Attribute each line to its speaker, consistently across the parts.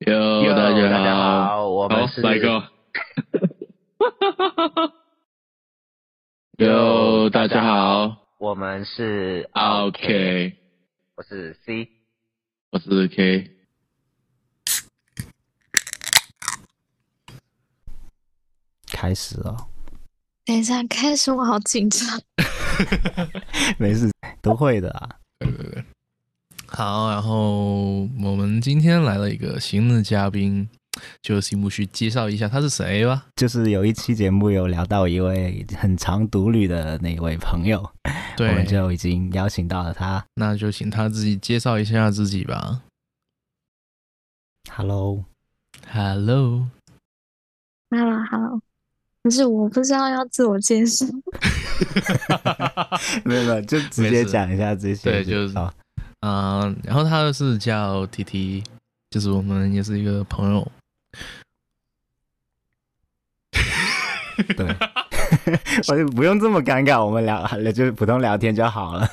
Speaker 1: 喲，大家好，oh, 我們是賴哥。哈
Speaker 2: 哈哈哈哈！Yo，大家好，
Speaker 1: 我們是 OK，, okay. 我是 C，我是 K。開始了。
Speaker 2: 等一下，開始我好緊張。
Speaker 3: 沒事，都會的啊。 好，然後我們今天來了一個新的嘉賓，就請木須介紹一下他是誰吧。就是有一期節目
Speaker 1: 有聊到一位很常獨旅的那一位朋友，對，我們就已經邀
Speaker 3: 請到了他，那就請他自己介紹一下自己吧。Hello，Hello，Hello，Hello，hello,
Speaker 2: hello. 可是我不知道要自我介紹。
Speaker 3: 沒有沒有，就直接講一下這些，對，就是。嗯，然後他是叫 TT，就是我們也是一個朋友。
Speaker 1: 對， 我就不用這麼尷尬，我們聊就是普通聊天就好了。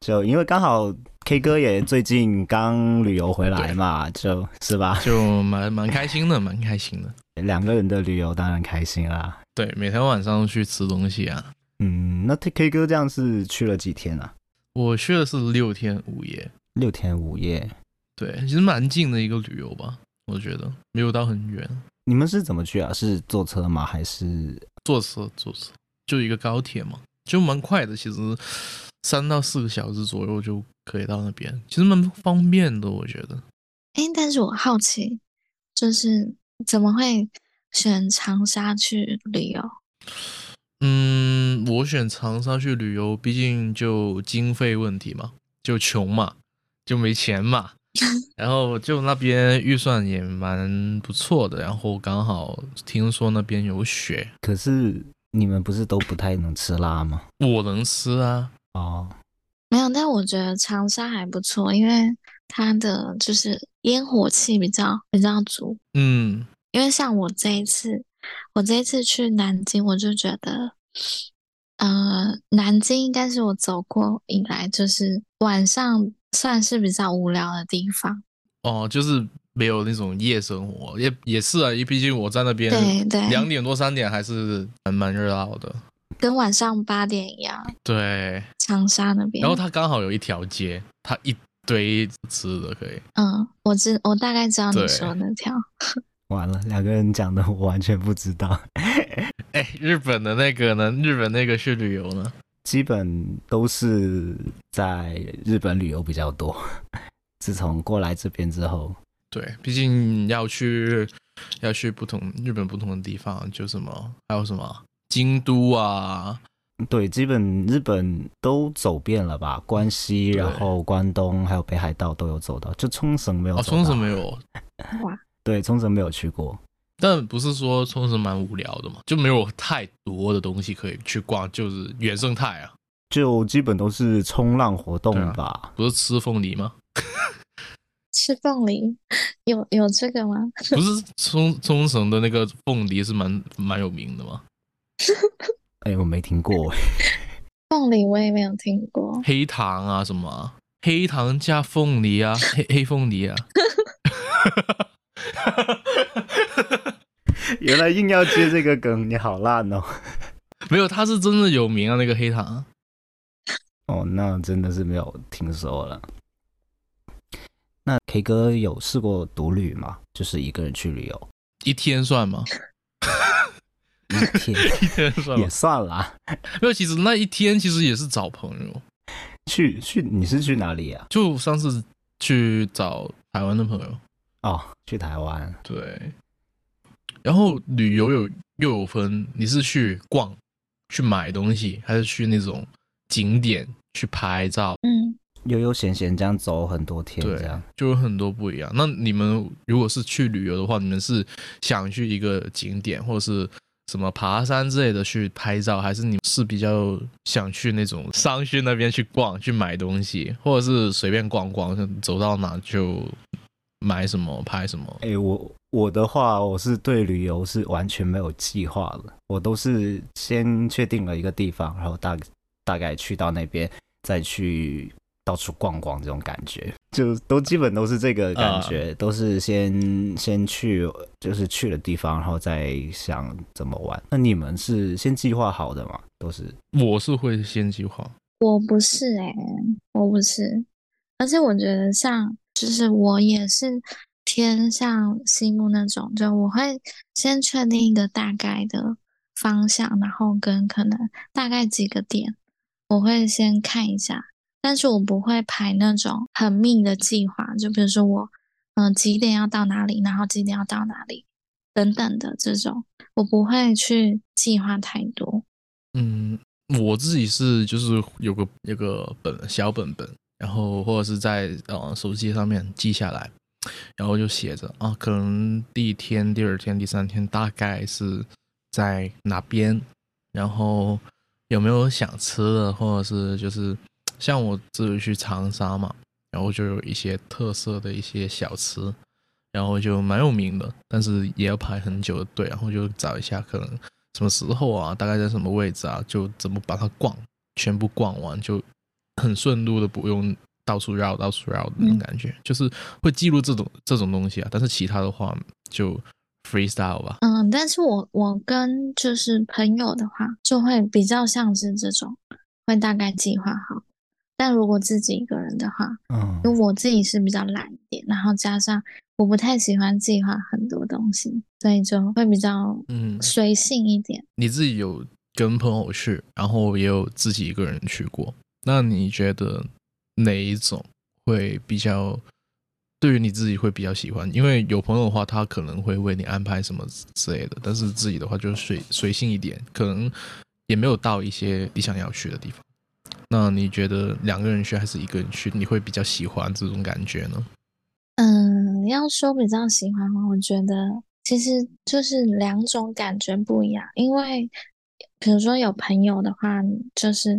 Speaker 1: 就因為剛好 K 哥也最近剛旅遊回來嘛，就是
Speaker 3: 吧？就蠻蠻開心的，蠻開心的。 兩個人的旅遊當然開心啦。對，每天晚上去吃東西啊。嗯，那 K 哥這樣是去了幾天啊？我去的是六天五夜，六天五夜，對，其實蠻近的一個旅遊吧，我覺得沒有到很遠。
Speaker 1: 你們是怎麼去啊？是坐車嗎？還是
Speaker 3: 坐車？坐車就一個高鐵嘛，就蠻快的。其實三到四個小時左右就可以到那邊，其實蠻方便的，我覺得。
Speaker 2: 哎，但是我好奇，就是怎麼會選長沙去旅遊？
Speaker 3: 嗯，我選長沙去旅游，畢竟就經費問題嘛，就窮嘛，就沒錢嘛。 然後就那邊預算也蠻不錯的，然後剛好聽說那邊有雪。可是你們不是都不太能吃辣嗎？我能吃啊。哦，
Speaker 2: 沒有，但我覺得長沙還不錯，因為它的就是煙火氣比較比較足。嗯，因為像我這一次。我這一次去南京，我就覺得，呃，南京應該是我走過以來，就是晚上算是比較無聊的地方。
Speaker 3: 哦，就是沒有那種夜生活，也也是啊，因為畢竟我在那邊，對對，兩點多三點還是蠻蠻熱鬧的，
Speaker 2: 跟晚上八點一樣。
Speaker 3: 對，
Speaker 2: 長沙那邊，然後它
Speaker 3: 剛好有一條街，它一堆吃的可以。
Speaker 2: 嗯，我知，我大概知道你說的那條。完了，
Speaker 1: 兩個人講的我完全不知道。
Speaker 3: 哎， 日本的那個呢？日本那個去旅遊呢？基本都是在日本旅遊比
Speaker 1: 較多。自從過來這邊之後，
Speaker 3: 對，畢竟要去要去不同日本不同的地方，就什麼還有什麼
Speaker 1: 京都啊，對，基本日本都走遍了吧？關西，然後關東，還有北海道都有走到，就沖繩沒有、哦。沖繩沒有哇。 對沖繩沒有去過，
Speaker 3: 但不是說沖繩蠻無聊的嘛，就沒有太多的東西可以去逛，就是原生態啊，
Speaker 1: 就基本都是衝浪
Speaker 3: 活動吧。嗯，對，不是吃鳳梨嗎？
Speaker 2: 吃鳳梨有有這個嗎？不是
Speaker 3: 沖沖繩的那個鳳梨是蠻蠻有名的嗎？哎，欸，我沒聽過
Speaker 2: 哎，鳳 梨我也沒有聽過。
Speaker 3: 黑糖啊什麼？黑糖加鳳梨啊，黑黑鳳梨啊。黑黑鳳梨啊
Speaker 1: 哈哈哈！哈，原來硬要接這個梗，你好爛哦！
Speaker 3: 沒有，他是真的有名啊，那個黑糖。哦，那真的
Speaker 1: 是沒有聽說了。那 K 哥有試過獨旅嗎？
Speaker 3: 就是一個人去旅遊，一天算嗎？ 一天 一天算了也算了。 沒有，其實那一天其實也是找朋友去去。你是去哪裡啊？就上次去找台灣的朋友。哦，去台灣。對，然後旅遊有又有分，你是去逛、去買東西，還是去那種景點去拍照？嗯，悠悠閒閒這樣走很多天，對，這樣就有很多不一樣。那你們如果是去旅遊的話，你們是想去一個景點，或者是什麼爬山之類的去拍照，還是你們是比較想去那種商圈那邊去逛、去買東西，或者是隨便逛逛，走到哪兒就？買什麼拍什麼？哎、欸，我我的話，我是對旅遊是完全沒有計劃的。我都是
Speaker 1: 先確定了一個地方，然後大大概去到那邊，再去到處逛逛，這種感覺就都基本都是這個感覺，uh, 都是先先去就是去了地方，然後再想怎麼玩。那你們是先計劃好的嗎？都是。我是會先計劃，
Speaker 2: 我不是哎、欸，我不是，而且我覺得像。就是我也是偏向西木那種，就我會先確定一個大概的方向，然後跟可能大概幾個點，我會先看一下。但是我不會排那種很密的計劃，就比如說我嗯、呃、幾點要到哪裡，然後幾點要到哪裡等等的這種，我不會去計劃太多。嗯，
Speaker 3: 我自己是就是有個有個本小本本。然後或者是在呃手機上面記下來，然後就寫着啊，可能第一天、第二天、第三天，大概是在哪邊，然後有沒有想吃的，或者是就是像我自己去長沙嘛，然後就有一些特色的一些小吃，然後就蠻有名的，但是也要排很久的隊，然後就找一下可能什麼時候啊，大概在什麼位置啊，就怎麼把它逛，全部逛完就。很順路的，不用到處繞，到處繞的那種感覺，嗯、就是會記錄這種這種東西啊。但是其他的話就 freestyle 吧。嗯，
Speaker 2: 但是我我跟就是朋友的話，就會比較像是這種，會大概計劃好。但如果自己一個人的話，嗯，因為我自己是比較懶一點，然後加上我不太喜歡計劃很多東西，所以就會比較嗯隨性一點、
Speaker 3: 嗯。你自己有跟朋友去，然後也有自己一個人去過。那你覺得哪一種會比較？對於你自己會比較喜歡？因為有朋友的話，他可能會為你安排什麼之類的。但是自己的話，就隨隨性一點，可能也沒有到一些你想要去的地方。那你覺得兩個人去還是一個人去，你會比較喜歡這種感覺呢？嗯、
Speaker 2: 呃，要說比較喜歡的話，我覺得其實就是兩種感覺不一樣。因為比如說有朋友的話，就是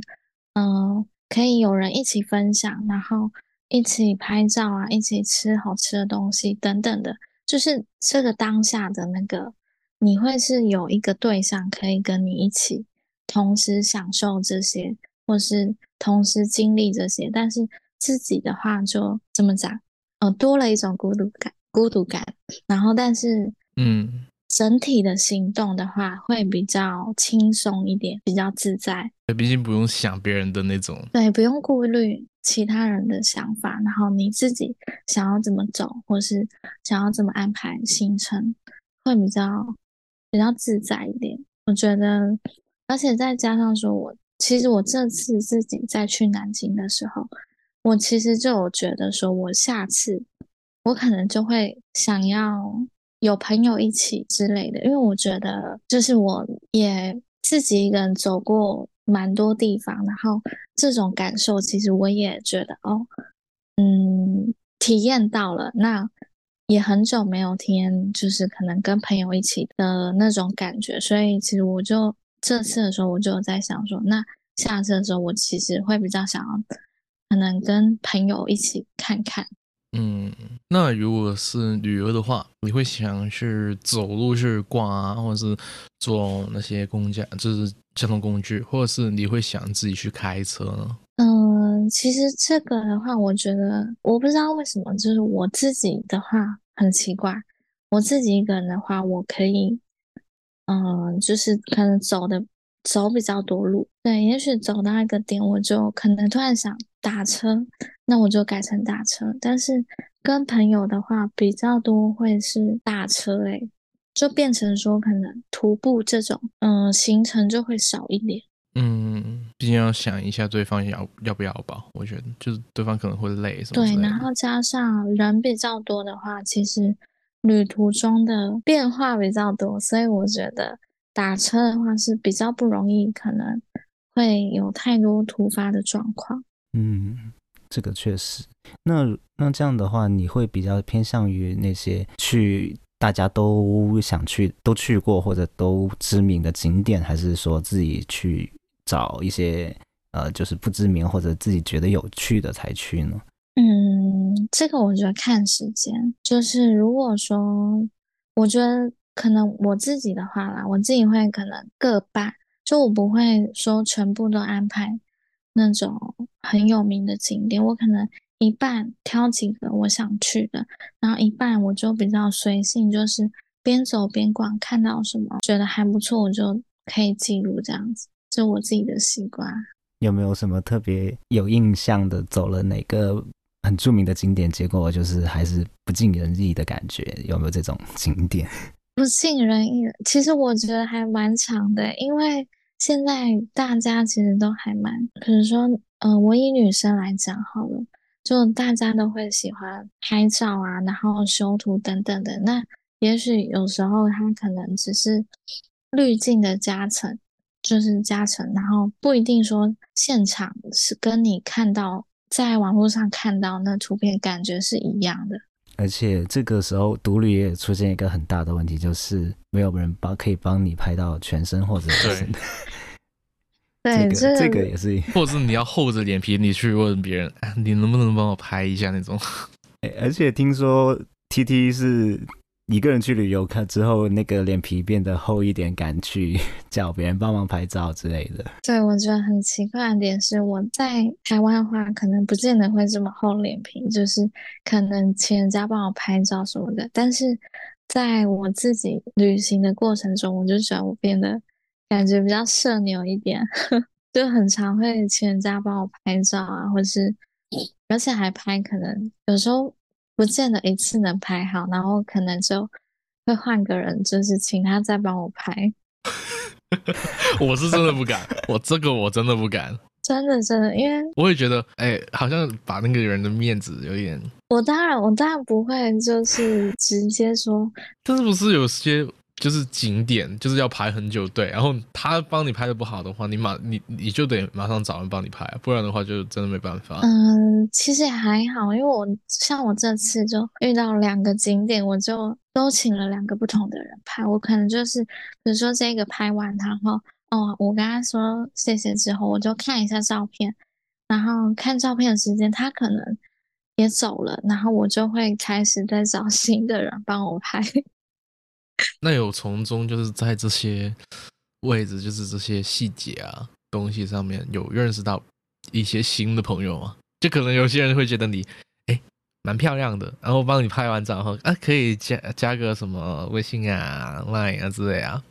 Speaker 2: 嗯。呃可以有人一起分享，然後一起拍照啊，一起吃好吃的東西等等的，就是這個當下的那個，你會是有一個對象可以跟你一起同時享受這些，或是同時經歷這些。但是自己的話就這麼講，呃，多了一種孤獨感，孤獨感。然後，但是，嗯。整體的行動的話，會比較輕鬆一點，比較自在。
Speaker 3: 對，畢竟不用想別人的那種。
Speaker 2: 對，不用顧慮其他人的想法，然後你自己想要怎麼走，或是想要怎麼安排行程，會比較比較自在一點。我覺得，而且再加上說我，我其實我這次自己再去南京的時候，我其實就有覺得說，我下次我可能就會想要。有朋友一起之類的，因為我覺得，就是我也自己一個人走過蠻多地方，然後這種感受，其實我也覺得哦，嗯，體驗到了。那也很久沒有體驗，就是可能跟朋友一起的那種感覺，所以其實我就這次的時候，我就在想說，那下次的時候，我其實會比較想要，可能跟朋友一起看看。
Speaker 3: 嗯，那如果是旅遊的話，你會想去走路去逛啊，或者是坐那些公交，就是交通工具，或者是你會想自己去開車呢？嗯、呃，
Speaker 2: 其實這個的話，我覺得我不知道為什麼，就是我自己的話很奇怪，我自己一個人的話，我可以，嗯、呃，就是可能走的，走比較多路，對，也許走到一個點，我就可能突然想。打車，那我就改成打車。但是跟朋友的話比較多，會是打車類，欸，就變成說可能徒步這種，嗯，行程就會少一點。嗯，
Speaker 3: 畢竟要想一下對方要要不要吧，我覺得就是對方可能會累什麼。對，然
Speaker 2: 後加上人比較多的話，其實旅途中的變化比較多，所以我覺得打車的話是比較不容易，可能會有太多突發的狀況。
Speaker 1: 嗯，這個確實。那那這樣的話，你會比較偏向於那些去大家都想去、都去過或者都知名的景點，還是說自己去找一些呃，就是不知名或者自己覺得有趣的
Speaker 2: 才去呢？嗯，這個我覺得看時間。就是如果說我覺得可能我自己的話啦，我自己會可能各半，就我不會說全部都安排。那種很有名的景點，我可能一半挑幾個我想去的，然後一半我就比較隨性，就是邊走邊逛，看到什麼覺得還不錯，我就可以記錄這樣子，就我自己的習慣。
Speaker 1: 有沒有什麼特別有印象的，走了哪個很著名的景點，結果就是還是不盡人意的感覺？有沒有
Speaker 2: 這種景點？不盡人意，其實我覺得還蠻長的，因為。現在大家其實都還蠻，可是說，嗯、呃，我以女生來講好了，就大家都會喜歡拍照啊，然後修圖等等的。那也許有時候它可能只是濾鏡的加成，就是加成，然後不一定說現場是跟你看到、在網絡上看到那圖片感覺是一樣的。
Speaker 1: 而且這個時候獨旅也出現一個很大的問題，就是沒有人幫可以幫你拍到全身或者是。
Speaker 2: 對，這個也
Speaker 3: 是、這個，或者你要厚着臉皮， 你去問別人，你能不能幫我拍一下那種。
Speaker 1: 而且聽說 TT 是一個人去旅遊，看之後那個臉皮變得厚一點，敢去叫別人幫忙拍照之類的。
Speaker 2: 對，我覺得很奇怪的點是，我在台灣的話，可能不見得會這麼厚臉皮，就是可能請人家幫我拍照什麼的。但是在我自己旅行的過程中，我就覺得我變得。感覺比較社牛一點， 就很常會請人家幫我拍照啊，或是而且還拍，可能有時候不見得一次能拍好，然後可能就會換個人，就是請他再幫我拍。
Speaker 3: 我是真的不敢， 我這個我真的不敢，
Speaker 2: 真的真的，因
Speaker 3: 為我也覺得，哎、欸，好像把那個人的面子有點。
Speaker 2: 我當然，我當然不會，就是直接說。
Speaker 3: 這 是不是有些？就是景點就是要排很久隊，然後他幫你拍的不好的話，你馬你你就得馬上找人幫你拍啊，不然的話就真的沒辦法。嗯，
Speaker 2: 其實也還好，因為我像我這次就遇到兩個景點，我就都請了兩個不同的人拍。我可能就是比如說這個拍完，然後哦，我跟他說謝謝之後，我就看一下照片，然後看照片的時間他可能也走了，然後我就會開始再找新的人幫我拍。
Speaker 3: 那有從中就是在這些位置，就是這些細節啊、東西上面，有認識到一些新的朋友嗎？就可能有些人會覺得你欸蠻、欸、漂亮的，然後幫你拍完照後啊，可以加加個什麼微信啊、Line 啊之類啊。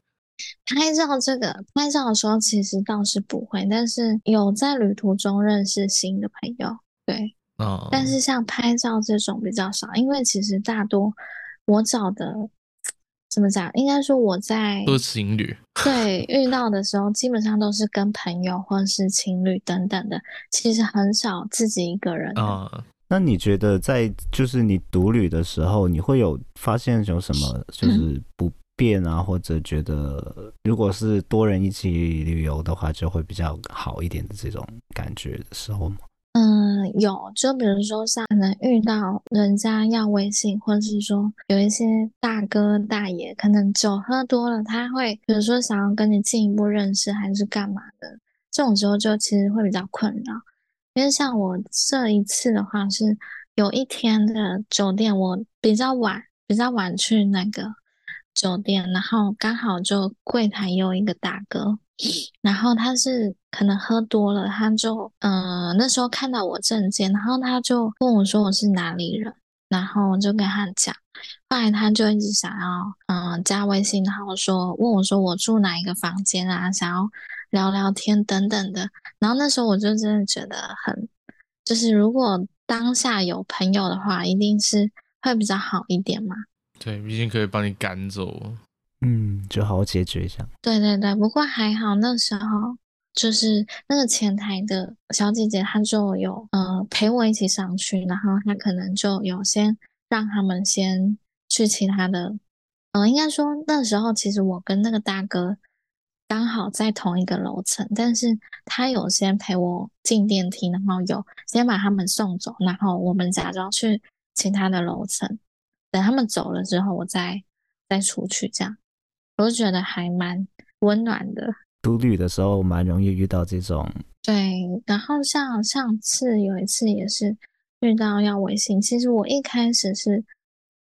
Speaker 2: 拍照，這個拍照的時候其實倒是不會，但是有在旅途中認識新的朋友，對，
Speaker 3: 嗯，但是
Speaker 2: 像拍照這種比較少，因為其實大多我找的。怎麼講？應該說我在都是
Speaker 3: 情侶，
Speaker 2: 對，遇到的時候基本上都是跟朋友或是情侶等等的，其實很少自己一個人。啊、uh,
Speaker 1: 那你覺得在就是你獨旅的時候，你會有發現有什麼就是不便啊， 或者覺得如果是多人一起旅遊的話，就會比較好一點的這種感覺的時候嗎？嗯、
Speaker 2: uh. 有，就比如說像可能遇到人家要微信，或者是說有一些大哥大爺，可能酒喝多了，他會比如說想要跟你進一步認識，還是幹嘛的？這種時候就其實會比較困擾，因為像我這一次的話是有一天的酒店，我比較晚比較晚去那個酒店，然後剛好就櫃台有一個大哥。然後他是可能喝多了，他就嗯、呃、那時候看到我證件，然後他就問我說我是哪裡人，然後我就跟他講。後來他就一直想要嗯、呃、加微信，然後說問我說我住哪一個房間啊，想要聊聊天等等的。然後那時候我就真的覺得很，就是如果當下有朋友的話，一定是會比較好一點嘛。
Speaker 3: 對，畢竟可以幫你趕走。嗯，就好好解決一下。
Speaker 2: 對對對，不過還好那時候就是那個前台的小姐姐，她就有呃陪我一起上去，然後她可能就有先讓他們先去其他的，呃，應該說那時候其實我跟那個大哥剛好在同一個樓層，但是她有先陪我進電梯，然後有先把他們送走，然後我們假裝去其他的樓層，等他們走了之後，我再再出去這樣。我就覺得還蠻溫暖的。
Speaker 1: 獨旅的時候，蠻容易遇到這種。
Speaker 2: 對，然後像上次有一次也是遇到要微信，其實我一開始是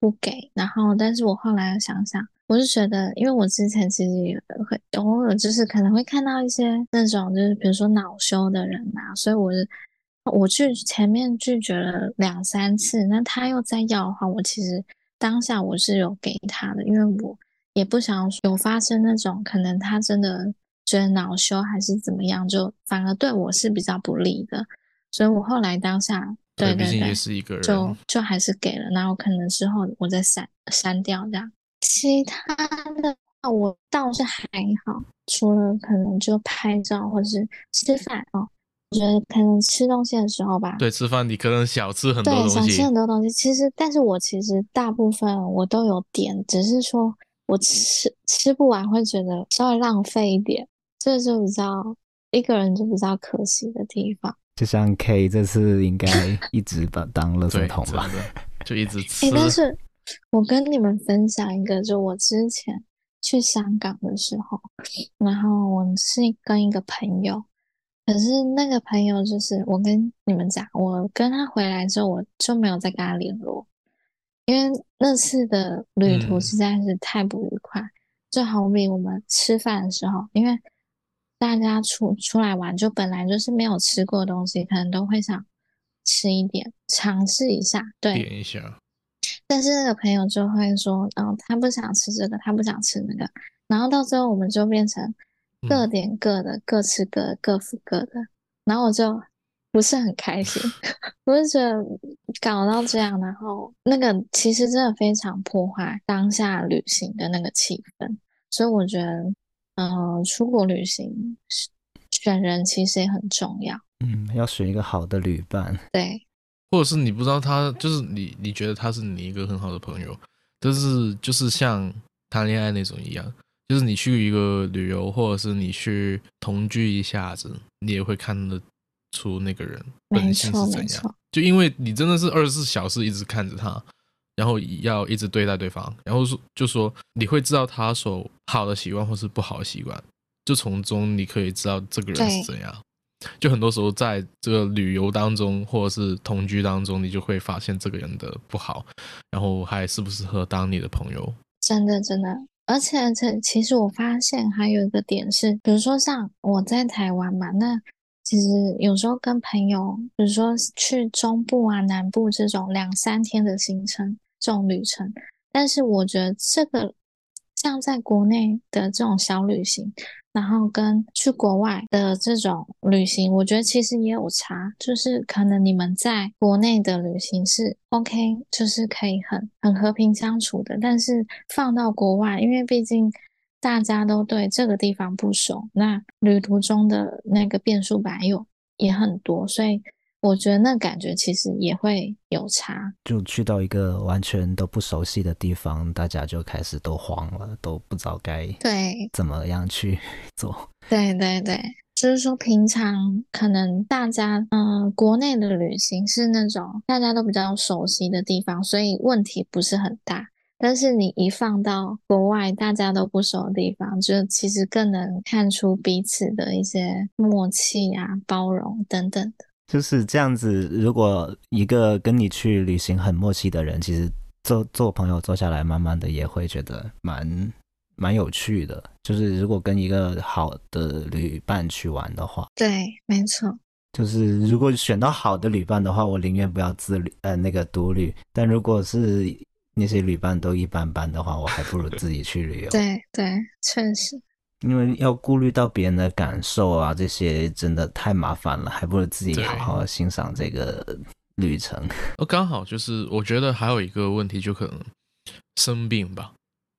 Speaker 2: 不給，然後但是我後來想想，我是覺得，因為我之前其實有的會偶爾就是可能會看到一些那種就是比如說惱羞的人吶、啊，所以我是我去前面拒絕了兩三次，那他又再要的話，我其實當下我是有給他的，因為我。也不想有發生那種可能，他真的覺得惱羞還是怎麼樣，就反而對我是比較不利的。所以我後來當下對對，畢竟也是一個人，就就還是給了，然後可能之後我再刪刪掉這樣。其他的我倒是還好，除了可能就拍照或者是吃飯哦、喔，我覺得可能吃東西的時候吧。
Speaker 3: 對，吃飯你可能小吃很多東西。對，小吃很
Speaker 2: 多東西。其實，但是我其實大部分我都有點，只是說。我吃吃不完會覺得稍微浪費一點，這就比較一個人就比較可惜的地方。
Speaker 1: 就像 K 這次應該一直把當垃圾桶吧， 就一直吃。哎、欸，但是
Speaker 2: 我跟你們分享一個，就我之前去香港的時候，然後我是跟一個朋友，可是那個朋友就是我跟你們講，我跟他回來之後，我就沒有再跟他聯絡。因為那次的旅途實在是太不愉快，嗯、就好比我們吃飯的時候，因為大家出出來玩，就本來就是沒有吃過東西，可能都會想吃一點，嘗試一下，對。點一下。但是那個朋友就會說，嗯，他不想吃這個，他不想吃那個，然後到最後我們就變成各點各的，嗯、各吃各的，各付各的，然後我就。不是很開心， 我就覺得搞到這樣，然後那個其實真的非常破壞當下旅行的那個氣氛，所以我覺得，嗯、呃，出國旅行選人其實也很重要，嗯，
Speaker 3: 要選一個好的旅伴，對，或者是你不知道他，就是你你覺得他是你一個很好的朋友，但是、就是就是像談戀愛那種一樣，就是你去一個旅遊，或者是你去同居一下子，你也會看的、那個。出那個人
Speaker 2: 本性是怎樣？
Speaker 3: 就因為你真的是二十四小時一直看着他，然後要一直對待對方，然後就說你會知道他所好的習慣或是不好的習慣，就從中你可以知道這個人是怎樣。就很多時候在這個旅遊當中或者是同居當中，你就會發現這個人的不好，然後還是不適合當你的朋友。
Speaker 2: 真的真的，而且這其實我發現還有一個點是，比如說像我在台灣嘛，那。其實有時候跟朋友，比如說去中部啊、南部這種兩三天的行程，這種旅程。但是我覺得這個像在國內的這種小旅行，然後跟去國外的這種旅行，我覺得其實也有差。就是可能你們在國內的旅行是 OK，就是可以很很和平相處的，但是放到國外，因為畢竟。大家都對這個地方不熟，那旅途中的那個變數還有也很多，所以我覺得那感覺其實也會有差。
Speaker 1: 就去到一個完全都不熟悉的地方，大家就開始都慌了，都不知道該對怎麼樣去做。
Speaker 2: 對對對，就是說平常可能大家嗯、呃，國內的旅行是那種大家都比較熟悉的地方，所以問題不是很大。但是你一放到國外，大家都不熟的地方，就其實更能看出彼此的一些默契啊、包容等等的。
Speaker 1: 就是這樣子，如果一個跟你去旅行很默契的人，其實做做朋友坐下來，慢慢的也會覺得蠻蠻有趣的。就是如果跟一個好的旅伴去玩的話，
Speaker 2: 對，沒錯。
Speaker 1: 就是如果選到好的旅伴的話，我寧願不要自旅，呃，那個獨旅。但如果是。那些旅伴都一般般的話，我還不如自己去旅
Speaker 2: 遊。
Speaker 1: 對對，確實，因為要顧慮到別人的感受啊，這些真的太麻煩了，還不如自己好好欣賞這個旅程。
Speaker 3: 哦，剛好就是，我覺得還有一個問題就可能生病吧。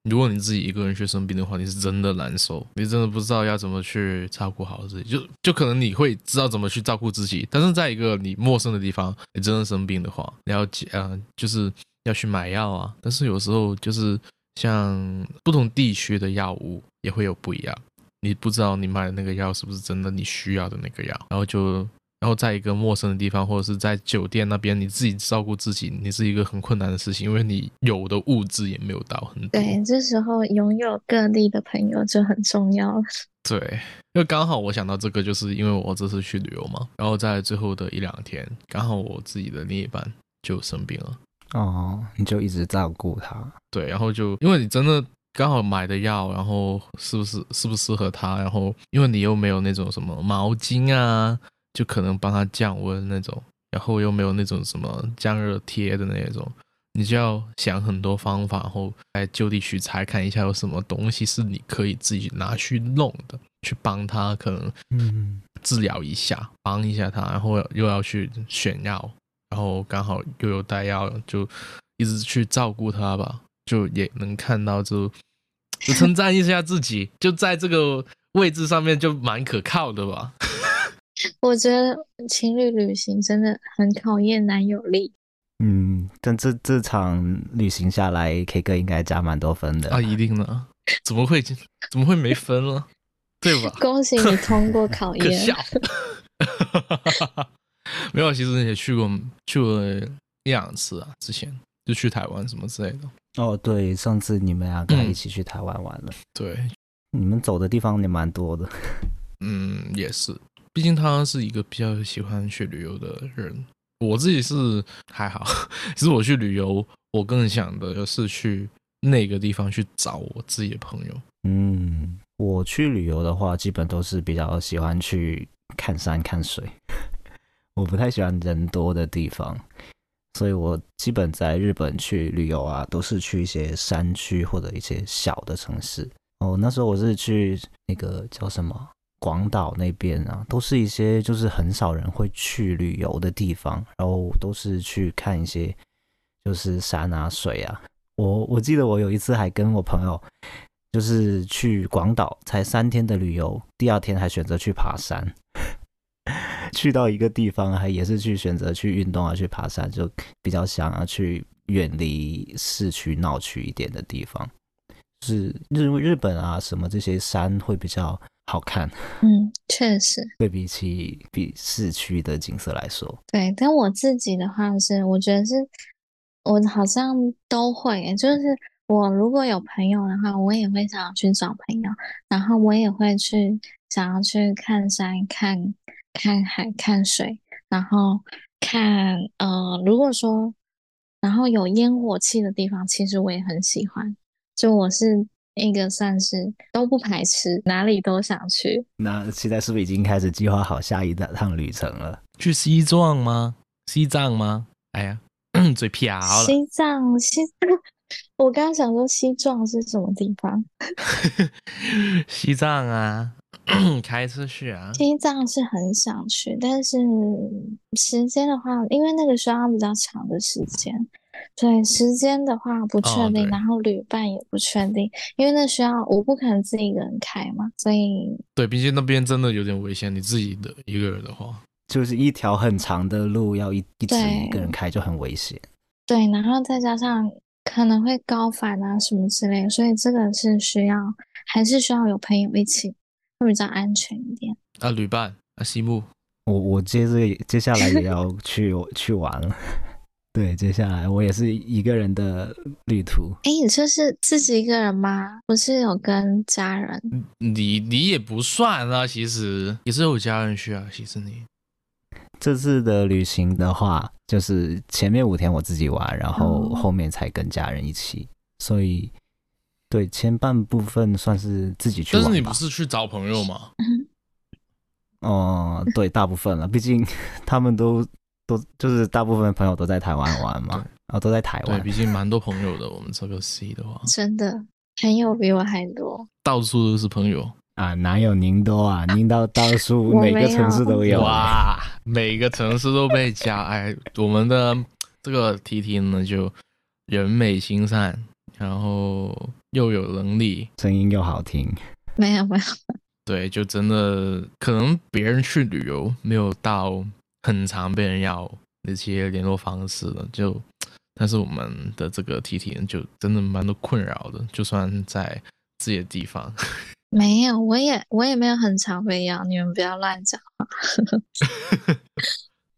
Speaker 3: 如果你自己一個人去生病的話，你是真的難受，你真的不知道要怎麼去照顧好自己，就就可能你會知道怎麼去照顧自己，但是在一個你陌生的地方，你真的生病的話，你要啊，就是。要去買藥啊，但是有時候就是像不同地區的藥物也會有不一樣，你不知道你買的那個藥是不是真的你需要的那個藥，然後就然後在一個陌生的地方或者是在酒店那邊，你自己照顧自己，你是一個很困難的事情，因為你有的物質也沒有到很多。
Speaker 2: 對，這時候擁有各地的朋友就很重要了。
Speaker 3: 對，因為剛好我想到這個，就是因為我這次去旅遊嘛，然後在最後的一兩天，剛好我自己的另一半就生病了。
Speaker 1: 哦，你就一直照顧他，
Speaker 3: 對，然後就因為你真的剛好買的藥，然後是不是適不適合他？然後因為你又沒有那種什麼毛巾啊，就可能幫他降溫那種，然後又沒有那種什麼降熱貼的那種，你就要想很多方法，然後來就地取材，看一下有什麼東西是你可以自己拿去弄的，去幫他可能嗯治療一下，幫一下他，然後又要去選藥。然後剛好又有帶藥，就一直去照顧他吧，就也能看到就，就就稱讚一下自己， 就在這個位置上面就蠻可靠的吧。
Speaker 2: 我覺得情侶旅行真的很考驗男友力。嗯，
Speaker 1: 但這這場旅行下來，K 哥應該加蠻多
Speaker 3: 分的。啊，一定呢，怎麼會怎麼會沒分了？對吧？ 恭喜你
Speaker 2: 通過考驗。 可笑
Speaker 3: 沒有，其實也去過，去過一兩次啊。之前就去台灣什麼之類的。哦，對，上次
Speaker 1: 你們倆還一起去台灣玩了，嗯。對，你們走的地方也蠻多的。嗯，
Speaker 3: 也是，畢竟他是一個比較喜歡去旅遊的人。我自己是還好，其實我去旅遊，我更想的是去那個地方去找我自己的朋友。嗯，我去旅遊的話，基
Speaker 1: 本都是比較喜歡去看山看水。我不太喜歡人多的地方，所以我基本在日本去旅遊啊，都是去一些山區或者一些小的城市。哦，那時候我是去那個叫什麼廣島那邊啊，都是一些就是很少人會去旅遊的地方，然後都是去看一些就是山啊、水啊。我我記得我有一次還跟我朋友就是去廣島才三天的旅遊，第二天還選擇去爬山。去到一個地方，還也是去選擇去運動啊，去爬山，就比較想要去遠離市區鬧區一點的地方，就是日日本啊，什麼這些山會比較好看。嗯，
Speaker 2: 確實。
Speaker 1: 對比起比市區的景色來說，
Speaker 2: 對。但我自己的話是，我覺得是我好像都會、欸，就是我如果有朋友的話，我也會想要去找朋友，然後我也會去想要去看山看。看海看水，然後看呃，如果說，然後有煙火氣的地方，其實我也很喜歡。就我是一個算是都不排斥，哪裡都想去。
Speaker 1: 那現在是不是已經開始計劃好下一趟旅程了？去西藏嗎？西藏嗎？
Speaker 3: 哎呀，咳咳嘴瓢了。西
Speaker 2: 藏，西藏。我剛剛想說西藏是什麼地方？
Speaker 3: 西藏啊。 開車去啊？西
Speaker 2: 藏是很想去，但是時間的話，因為那個需要比較長的時間。對，時間的話不確定，哦，然後旅伴也不確定，因為那需要，我不可能自己一個人開嘛。所以
Speaker 3: 對，畢竟那邊真的有點危險，你自己的一個人的話，就是一條很長的路要一一直一
Speaker 2: 個人
Speaker 1: 開就很危險。
Speaker 2: 對。對，然後再加上可能會高反啊什麼之類的，所以這個是需要還是需要有朋友一起。會比較安全
Speaker 1: 一點啊！旅伴啊，西木，我我接着接下來也要去 去玩了。 對，接下來我也是一個人的旅途。
Speaker 2: 哎，你這是自己一個人嗎？不是有跟家人？
Speaker 3: 你你也不算啊，其實也是有家人去啊。其實你。
Speaker 1: 這次的旅行的話，就是前面五天我自己玩，然後後面才跟家人一起，嗯、所以。對，前半部分算是自己去玩，但是你不是
Speaker 3: 去找朋友嗎？嗯，
Speaker 1: 哦，對，大部分了，畢竟他們都都就是大部分
Speaker 3: 朋友都在台灣玩嘛，啊、哦，都在台灣。對，畢竟蠻多朋友的。我們這個 C 的話，
Speaker 2: 真的朋友比我還多，
Speaker 3: 到處都是朋友啊，哪有您多啊？您到到處每個城市都有，有哇，每個城市都被加。哎， 我們的這個 TT 呢，就人美心善，然後。又有能力，聲音又好聽，
Speaker 2: 沒有沒有，
Speaker 3: 對，就真的可能別人去旅游沒有到很常被人要那些聯絡方式的。就但是我們的這個 T T 就真的蠻多困擾的，就算在自己的地方，
Speaker 2: 沒有，我也我也沒有很常被要，你們不要亂講。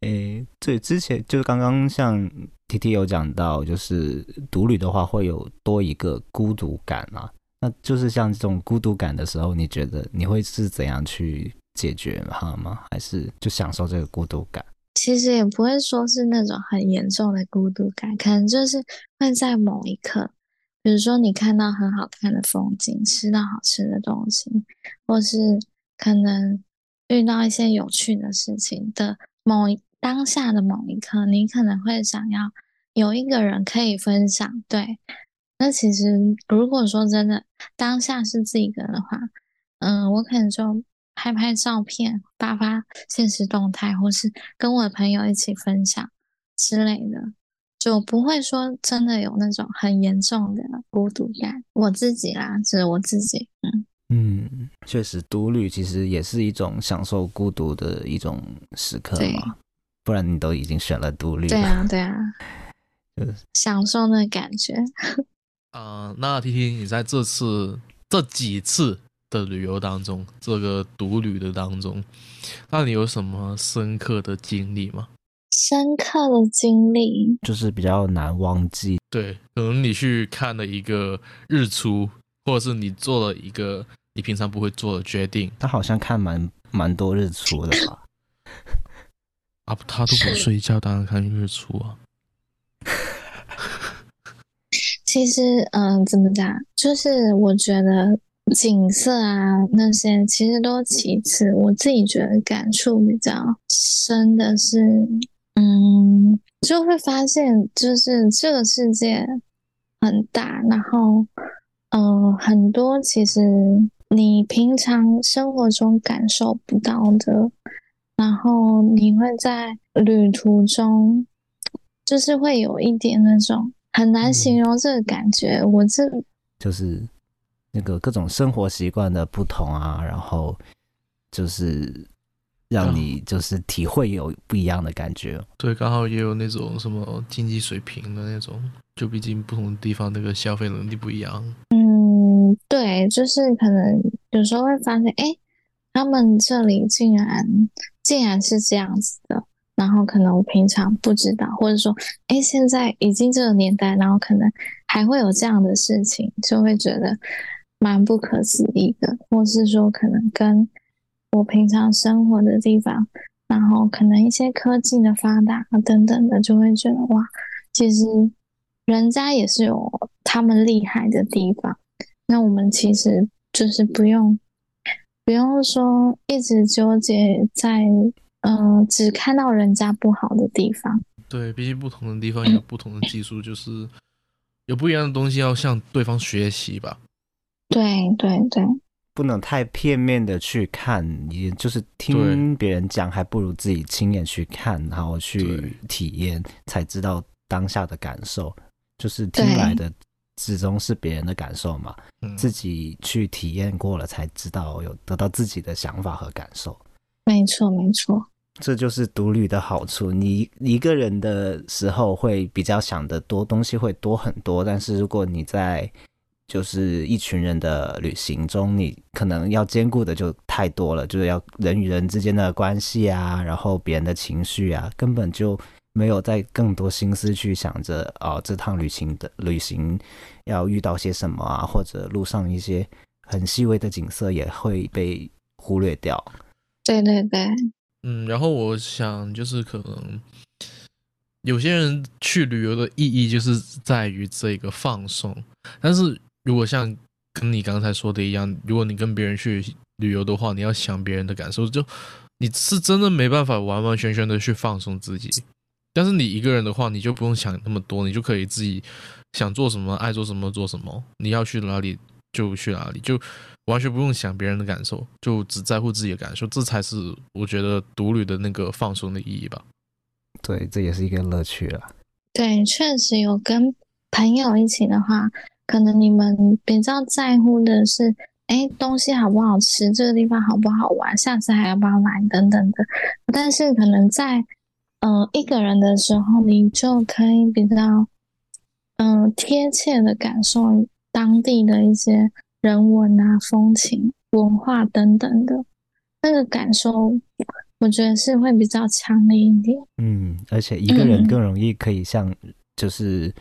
Speaker 2: 哎、
Speaker 3: 欸，對，之前就是剛
Speaker 1: 剛像。T T 有講到，就是獨旅的話會有多一個孤獨感啊。那就是像這種孤獨感的時候，你覺得你會是怎樣去解決它嗎？還是就享受這個孤獨感？
Speaker 2: 其實也不會說是那種很嚴重的孤獨感，可能就是會在某一刻，比如說你看到很好看的風景，吃到好吃的東西，或是可能遇到一些有趣的事情的某一當下的某一刻，你可能會想要有一個人可以分享。對，那其實如果說真的當下是自己一個人的話，嗯，我可能就拍拍照片，發發現實動態，或是跟我的朋友一起分享之類的，就不會說真的有那種很嚴重的孤獨感。我自己啦，只、就是我自己。嗯嗯，
Speaker 1: 確實，獨旅其實也是一種享受孤獨的一種時刻嘛。不然你都已經選了獨旅。對啊，
Speaker 2: 對啊，就是，享受那感覺。嗯、
Speaker 3: 呃，那 TT 你在這次這幾次的旅遊當中，這個獨旅的當中，那你有什麼深刻的經歷嗎？
Speaker 2: 深刻的經歷
Speaker 3: 就是比較難忘記。對，可能你去看了一個日出，或者是你做了一個你平常不會做的決定。他好像看蠻蠻多日出的吧。 啊，他都不睡覺，當然看日出啊。
Speaker 2: 其實，嗯、呃，怎麼講？就是我覺得景色啊那些，其實都其次。我自己覺得感觸比較深的是，嗯，就會發現，就是這個世界很大，然後，嗯、呃，很多其實你平常生活中感受不到的。然後你會在旅途中，就是會有一點那種很難形容這個感覺、嗯。我這
Speaker 1: 就是那個各種生活習慣的不同啊，然後就是讓你就是體會有不一樣的感覺、嗯。
Speaker 3: 對，剛好也有那種什麼經濟水平的那種，就畢竟不同的地方那個消費能力不一樣。嗯，
Speaker 2: 對，就是可能有時候會發現，哎，他們這裡竟然。竟然是這樣子的，然後可能我平常不知道，或者說，哎、欸，現在已經這個年代，然後可能還會有這樣的事情，就會覺得蠻不可思議的，或是說可能跟我平常生活的地方，然後可能一些科技的發達啊等等的，就會覺得哇，其實人家也是有他們厲害的地方，那我們其實就是不用。不用說，一直糾結在，嗯、呃，只看到人家不好的地方。
Speaker 3: 對，畢竟不同的地方有不同的技術、嗯，就是有不一樣的東西要向對方學習吧。
Speaker 2: 對對對。
Speaker 3: 不能太片面的去看，也就
Speaker 1: 是聽別人講，還不如自己親眼去看，然後去體驗，才知道當下的感受。就是聽來的。始終是別人的感受嘛，嗯，自己去體驗過了才知道，有得到自己的想法和感受。
Speaker 2: 沒錯，沒錯，
Speaker 1: 這就是獨旅的好處。你一個人的時候會比較想得多，東西會多很多。但是如果你在就是一群人的旅行中，你可能要兼顧的就太多了，就是要人與人之間的關係啊，然後別人的情緒啊，根本就。沒有再更多心思去想着啊、哦，這趟旅行的旅行要遇到些什麼啊，或者路上一些很細微的景色也會被忽略掉。
Speaker 2: 對對對。
Speaker 3: 嗯，然後我想就是可能有些人去旅遊的意義就是在於這個放鬆，但是如果像跟你剛才說的一樣，如果你跟別人去旅遊的話，你要想別人的感受，就你是真的沒辦法完完全全的去放鬆自己。但是你一個人的話，你就不用想那麼多，你就可以自己想做什麼，愛做什麼做什麼，你要去哪裡就去哪裡，就完全不用想別人的感受，就只在乎自己的感受，這才是我覺得獨旅的那個放鬆的意義吧。對，這也是一個樂趣啊。
Speaker 2: 對，確實有跟朋友一起的話，可能你們比較在乎的是，哎，東西好不好吃，這個地方好不好玩，下次還要不要來等等的。但是可能在嗯、呃，一個人的時候，你就可以比較嗯呃、貼切的感受當地的一些人文啊、風情、文化等等的，那個感受，我覺得是會比較強烈一點。嗯，
Speaker 1: 而且一個人更容易可以像、嗯、就是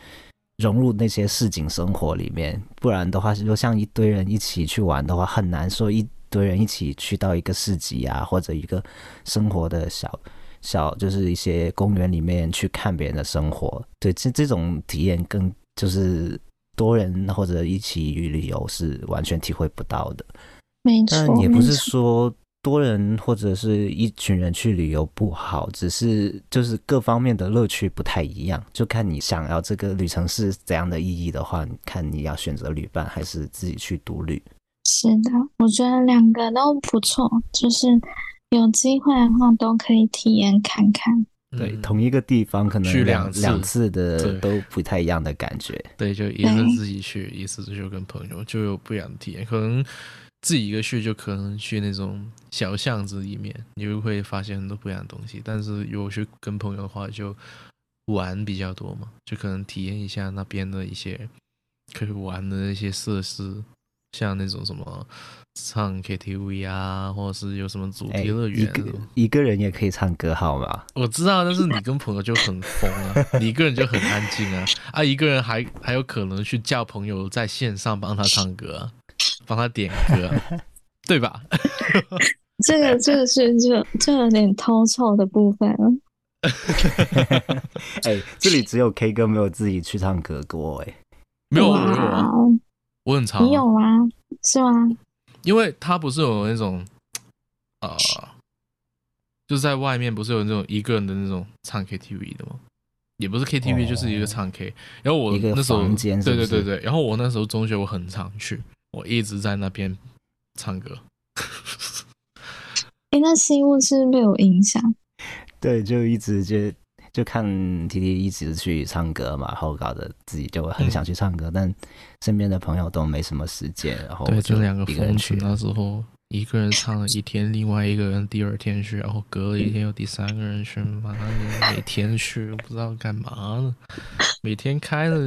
Speaker 1: 融入那些市井生活裡面，不然的話，如果像一堆人一起去玩的話，很難說一堆人一起去到一個市集啊，或者一個生活的小。小就是一些公園裡面去看別人的生活，對，這這種體驗更就是多人或者一起旅遊是完全體會不到的。沒錯。但也不是說多人或者是一群人去旅遊不好，只是就是各方面的樂趣不太一樣，就看你想要這個旅程是怎樣的意義的話，你看你要選擇旅伴還是自己去獨旅。
Speaker 2: 是的，我覺得兩個都不錯，就是。有機會的話都可以體驗看看。
Speaker 1: 嗯。對，同一個地方可能兩，去兩次，兩次的都不太一樣的感覺。對，
Speaker 3: 對，就一次自己去，一次就跟朋友就有不一樣的體驗。可能自己一個去，就可能去那種小巷子裡面，你就會發現很多不一樣的東西。但是如果去跟朋友的話，就玩比較多嘛，就可能體驗一下那邊的一些可以玩的那些設施。像那種什麼唱 KTV 啊，或者是有什麼主題樂園、
Speaker 1: 欸，一個人也可以唱歌，好吧，
Speaker 3: 我知道，但是你跟朋友就很瘋啊， 你一個人就很安靜啊，啊，一個人還還有可能去叫朋友在線上幫他唱歌、啊，幫他點歌、啊， 對吧？
Speaker 2: 這個這個是這就，就有點偷笑的部分。
Speaker 3: 哎、 欸，
Speaker 1: 這裡只有 K 歌，沒有自己去唱歌過、欸，哎，沒有啊。沒有我很
Speaker 3: 常你
Speaker 2: 有嗎、啊？是
Speaker 3: 嗎？因為他不是有那種，啊、呃，就是在外面不是有那種一個人的那種唱 KTV 的嗎？也不是 KTV、哦、就是一個唱 K。然後我那時候、就是、對對對對，然後我那時候中學我很常去，我一直在那邊唱歌。
Speaker 2: 哎， 那是因為是被我影響？
Speaker 1: 對，就一直就。就看 TT 一直去唱歌嘛，然後搞得自己就很想去唱歌，嗯、但身邊的朋友都沒什麼時間，然後我對，就兩個。一個人去那
Speaker 3: 時候，一個人唱了一天，另外一個人第二天去，然後隔了一天、嗯、又第三個人去，馬上每天去不知道幹嘛呢，每天開了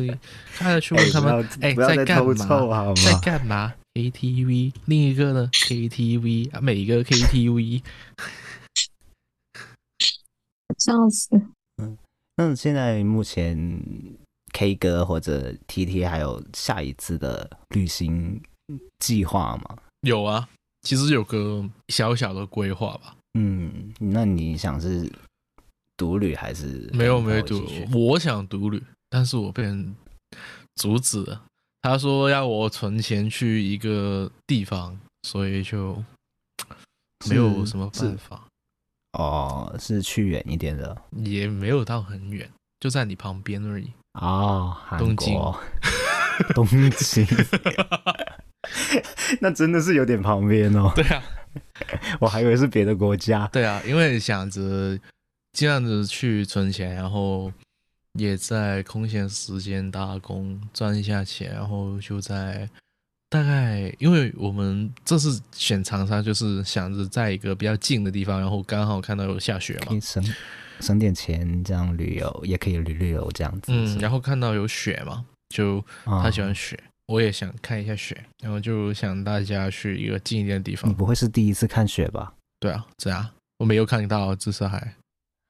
Speaker 3: 開了去問他們，哎，在、哎、幹，幹嘛？在幹嘛？K T V，另一個呢？K T V 啊，每一個 K T V，
Speaker 2: 笑死。
Speaker 3: 那現在
Speaker 1: 目前 K 哥，或者 T T 還有下一次的旅行計劃嗎？
Speaker 3: 有啊，其實有個小小的規劃吧。嗯，
Speaker 1: 那你想是獨旅還是？沒有沒
Speaker 3: 有獨旅，我想獨旅，但是我被人阻止了。他說要我存錢去一個地方，所以就沒有什麼辦法。哦，是去遠一點的，也沒有到很遠，就在你旁邊而已。哦，東京，
Speaker 1: 東京， 東京
Speaker 3: 那真的是有點旁邊哦。對啊，我還以為是別的國家。對啊，因為想着，這樣子去存錢，然後也在空閒時間打工，賺一下錢，然後就在。大概，因為我們這次選長沙，就是想着在一個比較近的地方，然後剛好看到有下雪嘛，省省點錢，這樣旅遊也可以旅旅遊這樣子。嗯，然後看到有雪嘛，就他喜歡雪、哦，我也想看一下雪，然後就想大家去一個近一點的地方。你不會
Speaker 1: 是第一次看雪吧？
Speaker 3: 對啊，是啊、啊、我沒有看到，這次還還、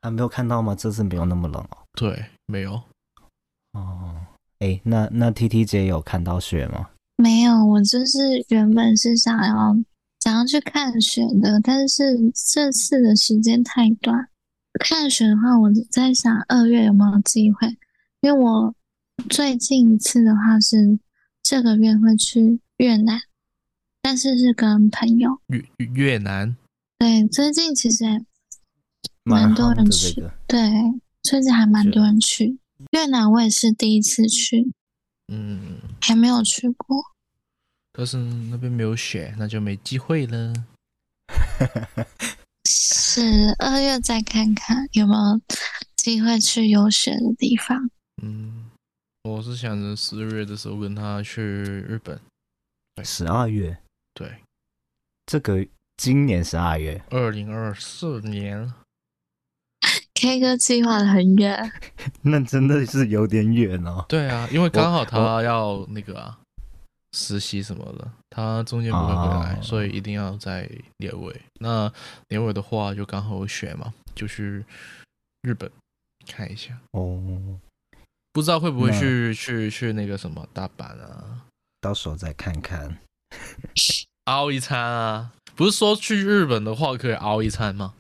Speaker 3: 啊、沒有看到嗎？這次沒有那麼冷哦。
Speaker 1: 對，沒有。哦，哎，那那 TT 姐有看到雪嗎？
Speaker 2: 沒有，我就是原本是想要想要去看雪的，但是這次的時間太短。看雪的話，我就在想二月有沒有機會，因為我最近一次的話是這個月會去越南，但是是跟朋友。
Speaker 3: 越越南？
Speaker 2: 對，最近其實
Speaker 3: 蠻多人去，這個。
Speaker 2: 對，最近還蠻多人去，越南我也是第一次去。嗯，還沒有去過，
Speaker 3: 但是那邊沒有雪，那就沒機會了。
Speaker 2: 十二月再看看有沒有機會去有雪的地方。嗯，
Speaker 3: 我是想着十月的時候跟他去日本。十二月，對，這個今年十二月，二零二四年。
Speaker 2: K 歌計劃很遠，
Speaker 3: 那真的是有點遠哦。對啊，因為剛好他要那個啊，實習什麼的，他中間不會回來，哦，所以一定要在年尾。那年尾的話，就剛好有雪嘛，就去日本看一下哦。不知道會不會去去去那個什麼大阪啊？到時候再看看， 熬一餐啊！不是說去日本的話可以熬一餐嗎？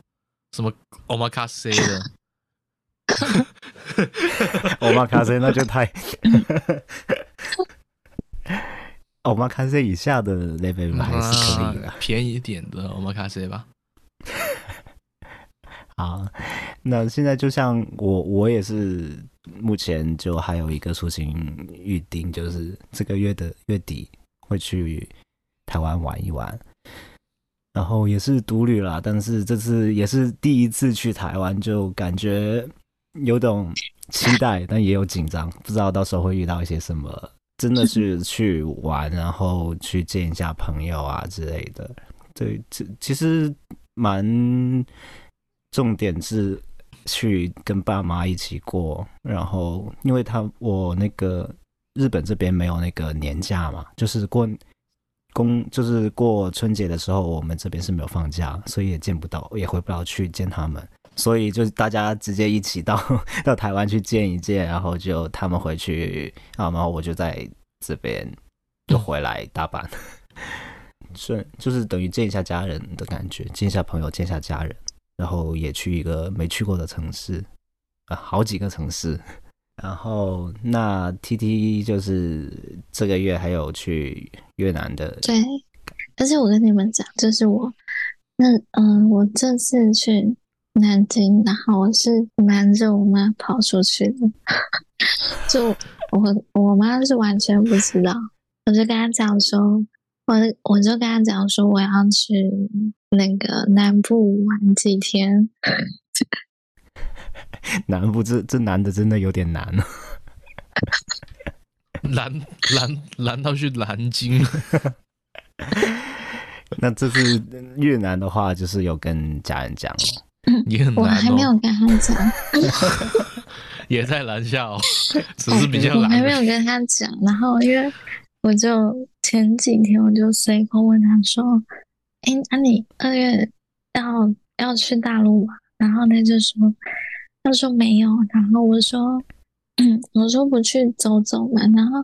Speaker 3: 什麼 omakase 的？ 歐 媽、 哦、卡西那就太，歐瑪
Speaker 1: 卡西以下的那 level 還是可以的啊
Speaker 3: 啊，便宜一點的歐瑪、哦、卡西吧。 好，
Speaker 1: 那現在就像我，我也是目前就還有一個出行預定，就是這個月的月底會去台灣玩一玩，然後也是獨旅啦，但是這次也是第一次去台灣，就感覺。有種期待，但也有緊張，不知道到時候會遇到一些什麼。真的是去玩，然後去見一下朋友啊之類的。對，這其實蠻重點是去跟爸媽一起過。然後，因為他我那個日本這邊沒有那個年假嘛，就是過公就是過春節的時候，我們這邊是沒有放假，所以也見不到，也回不了去見他們。所以就大家直接一起到到台灣去見一見，然後就他們回去，然後我就在這邊就回來大阪。是、嗯、 就是等於見一下家人的感覺，見一下朋友，見一下家人，然後也去一個沒去過的城市啊、呃，好幾個城市。然後那 TT 就是這個月還有去越南的，
Speaker 2: 對。而且我跟你們講，就是我那嗯、呃，我這次去。南京，然後我是瞞着我媽跑出去的， 就我我媽是完全不知道，我就跟她講說，我我就跟她講說我要去那個南部玩幾天。
Speaker 1: 南部這這男的真的有點
Speaker 3: 難，難難難到去南京？
Speaker 1: 那這次越南的話，就是有跟家人講嗎？
Speaker 2: 哦、我還沒有跟他講 ，
Speaker 1: 也在南懶下
Speaker 3: 哦， 只是比較懶，哎。我還沒
Speaker 2: 有跟他講，然後因為我就前幾天我就隨口問他說：“哎，欸，那，啊，你二月要要去大陸嗎，啊？”然後他就說：“他說沒有。”然後我說，嗯：“我說不去走走嘛。”然後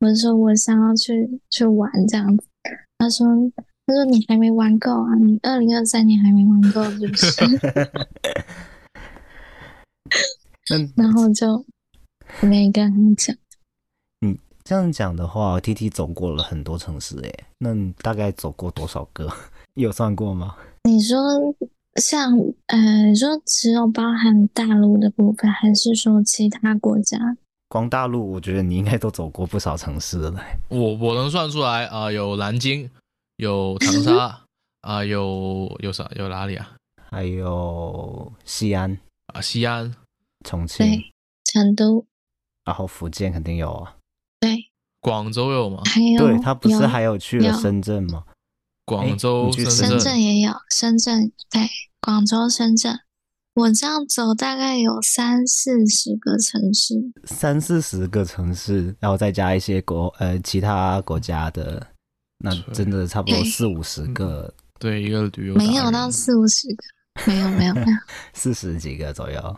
Speaker 2: 我說：“我想要去去玩這樣子。”他說。就是、說你還沒玩夠啊？你二零二三年還沒玩夠，是不是？嗯 然後就沒跟你講。
Speaker 1: 你、嗯、這樣講的話，T T 走過了很多城市誒。那大概走過多少個？ 有算過嗎？
Speaker 2: 你說像呃，你說只有包含大陸的部分，還是說其他國家？
Speaker 1: 光大陸，我覺得你應該都走過不少城市了。
Speaker 3: 我我能算出來啊、呃，有南京。有長沙、嗯、啊，有有啥有哪裡啊？還有西安啊，西安、重慶、
Speaker 2: 成都，
Speaker 1: 然後、啊、福建肯定有啊。對，廣州有嗎？還有，對，他不是還有去了深圳嗎？廣州深圳、欸、深圳
Speaker 2: 也有，深圳對，廣州、深圳，我這樣走大概有三四十個城市，
Speaker 1: 三四十個城市，然後再加一些國呃其他國家的。那真的差不多四五十個對、嗯，對一個旅遊沒
Speaker 2: 有到四五十個，沒有沒有沒有
Speaker 1: 四十幾個左右。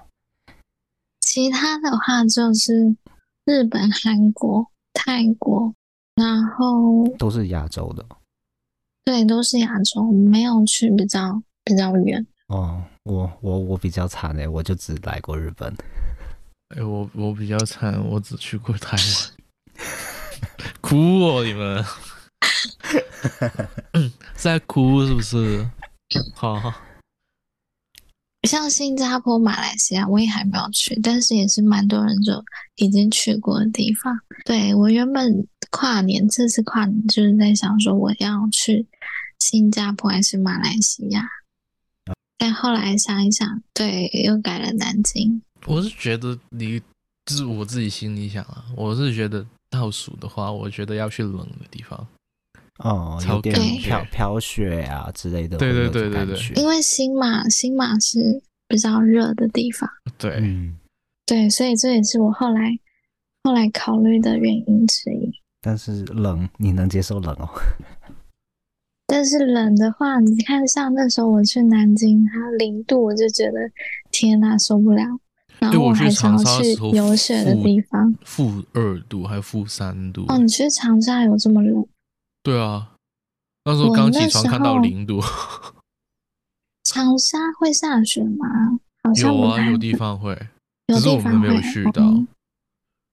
Speaker 2: 其他的話就是日本、韓國、泰國，然後
Speaker 1: 都是亞洲的，
Speaker 2: 對，都是亞洲，沒有去比較比較遠。
Speaker 1: 哦，我我我比較慘哎，我就只來過日本。哎、欸，我我
Speaker 3: 比較慘，我只去過台灣，哭 哦你們。在 哭是不是？好，好。
Speaker 2: 像新加坡、馬來西亞，我也還沒有去，但是也是蠻多人就已經去過的地方。對，我原本跨年這次跨年就是在想說我要去新加坡還是馬來西亞，啊、但後來想一想，對，又改了南京。
Speaker 3: 我是覺得你就是我自己心裡想啊，我是覺得倒數的話，我覺得要去冷的地方。哦，有點飄
Speaker 1: 飄雪啊之類的，對對對對對，對、啊。對對對對對對，
Speaker 2: 因為新馬新馬是比較熱的地方，對，對，所以這也是我後來後來考慮的原因之一。
Speaker 1: 但是冷，你能接受冷哦、喔？
Speaker 2: 但是冷的話，你看像那時候我去南京，它零度，我就覺得天哪、啊，受不了。然後我還想要去有雪的地方，
Speaker 3: 負二度還有負三度？哦，
Speaker 2: 你去長沙有這麼冷？
Speaker 3: 對啊，那時候剛起床看到零度。
Speaker 2: 長沙會下雪嗎好像？有啊，有地方會有地
Speaker 3: 方會可是我們沒有去到、嗯。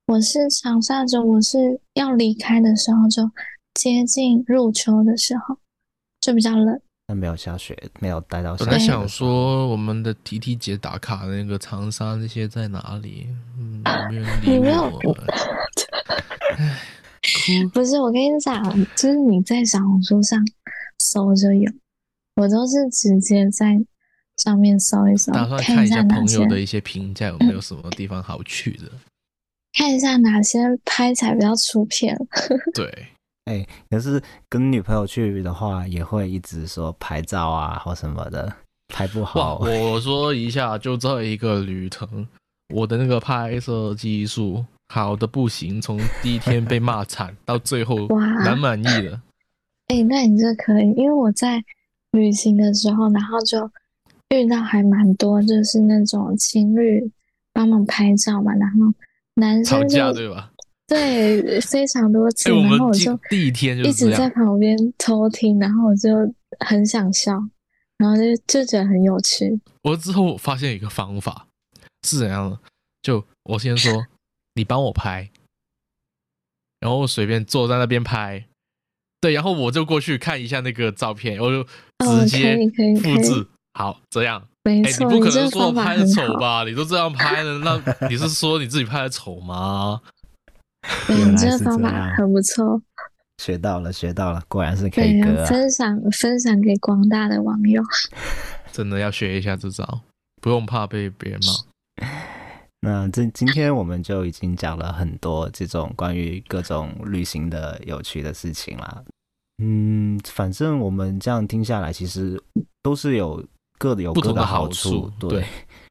Speaker 2: 我是長沙，就我是要離開的時候，就接近入秋的時候，就比較冷。
Speaker 1: 但沒有下雪，沒有待到下雪。本來想
Speaker 3: 說我們的 TT 姐打卡那個長沙那些在哪裡？啊、嗯，你
Speaker 2: 沒,沒有？我 不是我跟你講，就是你在小紅書上搜就有，我都是直接在上面搜一搜，打算看一下，看一下朋友的
Speaker 3: 一些評價，有沒有什麼地方好去的，
Speaker 2: 嗯，看一下哪些拍起來比較出片。
Speaker 3: 對，哎、欸，可是
Speaker 1: 跟女朋友去的話，也會一直說拍照啊或什麼的拍不
Speaker 3: 好。我說一下，就這一個旅程，我的那個拍攝技術。好的不行，從第一天被罵慘到最後，哇，蠻滿意的。哎、
Speaker 2: 欸，那你這可以，因為我在旅行的時候，然後就遇到還蠻多，就是那種情侶幫忙拍照嘛，然後男生吵架對吧？對，非常多次，欸，然後我就第一天一直在旁邊偷聽，然後我就很想笑，然後就就覺得很有趣。
Speaker 3: 我之後我發現一個方法是怎樣的，就我先說。 你幫我拍，然後我隨便坐在那邊拍，對，然後我就過去看一下那個照片，我就直接複製。Oh, okay, okay, okay. 好，這樣，
Speaker 2: 哎、欸，你不可能說我拍的醜
Speaker 3: 吧，你？你都這樣拍了，那你是說你自己拍的醜嗎？
Speaker 2: 這你這個方法很不錯，
Speaker 1: 學到了，學到
Speaker 3: 了，果然是可以、啊、分
Speaker 2: 享分享給廣大的網友，
Speaker 3: 真的要學一下這招，不用怕被別人罵。那這今天我們就已
Speaker 1: 經講了很多這種關於各種旅行的有趣的事情啦。嗯，反正我們這樣聽下來，其實都是有各有不同的好處，的好處對。
Speaker 3: 對，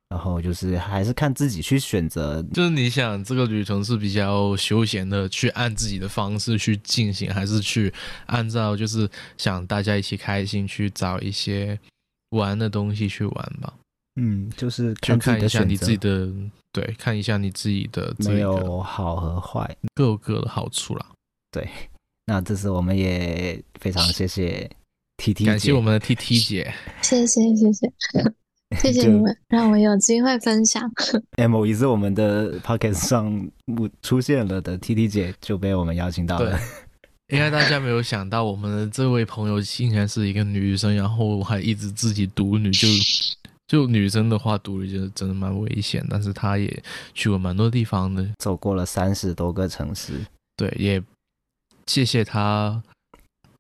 Speaker 3: 然後就是還是看自己去選擇。就是你想這個旅程是比較休閒的，去按自己的方式去進行，還是去按照就是想大家一起開心去找一些玩的東西去玩吧？嗯，就是去看，看一下你自己的。對，看一下你自己，自己的沒有好和壞，各有各的好處啦。對，那這次我們也
Speaker 1: 非常謝謝 TT 姐，感謝我們的 TT 姐，
Speaker 2: 謝謝謝謝謝謝你們， 就 讓我有機會分享。
Speaker 1: 某一次我們的 Podcast 上出現了的 TT 姐就被我們邀請到了，
Speaker 3: 應該大家沒有想到，我們的這位朋友竟然是一個女生， 然後還一直自己獨旅就。就女生的話，獨旅就是真的蠻危險，但是她也去過蠻多地方的，
Speaker 1: 走過了三十
Speaker 3: 多個城市。對，也謝謝她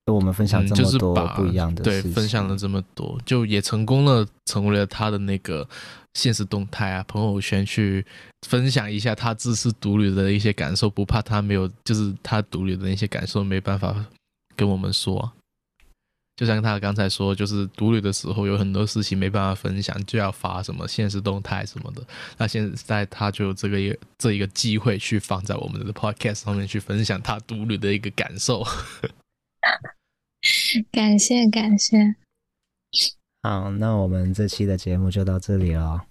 Speaker 3: 跟我們分享這麼多不一樣的，嗯，就是，對，分享了這麼多，就也成功了，成為了她的那個現實動態啊，朋友圈去分享一下她自私獨旅的一些感受，不怕她沒有，就是她獨旅的一些感受沒辦法跟我們說啊。就像他剛才說，就是獨旅的時候有很多事情沒辦法分享，就要發什麼現實動態什麼的。那現在他就這個，一個這一個機會去放在我們的 podcast 上面去分享他獨旅的一個感受。
Speaker 2: 感謝感謝。
Speaker 3: 好，那我們這期的
Speaker 2: 節目就到這裡了。